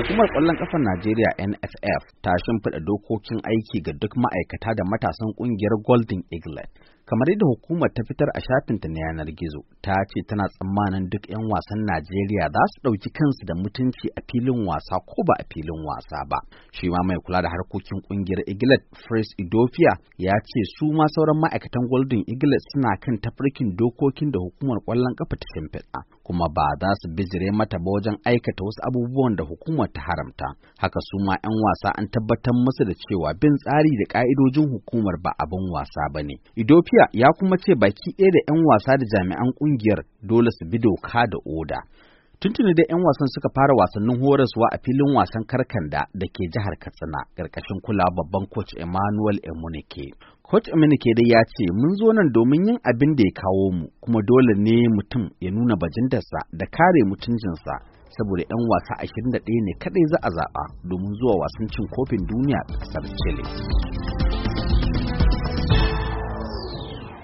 Hukumar ƙwallon ƙafar Najeriya NFF ta shimfiɗa dokokin aiki ga duk ma'aikata da matasan ƙungiyar Golden Eagle. kamar yadda hukumar ta fitar a shafin ta na yanar gizo ta ce tana tsammanin duk 'yan wasan najeriya za su ɗauki kansu da mutunci a filin wasa ko ba a filin wasa ba shi ma mai kula da harkokin kungiyar igilet Fresh idofia ya ce su ma sauran ma'aikatan golden igilet suna kan tafarkin dokokin da hukumar kwallon kafa ta shimfiɗa kuma ba za su bijire mata ba wajen aikata wasu abubuwan da hukumar ta haramta haka su ma 'yan wasa an tabbatar musu da cewa bin tsari da ka'idojin hukumar ba abin wasa ba ne idofia Garcia ya kuma ce baki ɗaya da 'yan wasa da jami'an ƙungiyar dole su bi doka da oda. Tuntuni da 'yan wasan suka fara wasannin horaswa a filin wasan karkanda da ke jihar Katsina ƙarƙashin kula babban coach Emmanuel Emunike. Coach Emunike dai ya ce mun zo nan domin yin abin da ya kawo mu kuma dole ne mutum ya nuna bajintarsa da kare mutuncinsa saboda 'yan wasa ashirin 21 ne kadai za a zaɓa domin zuwa wasan cin kofin duniya ƙasar Chile.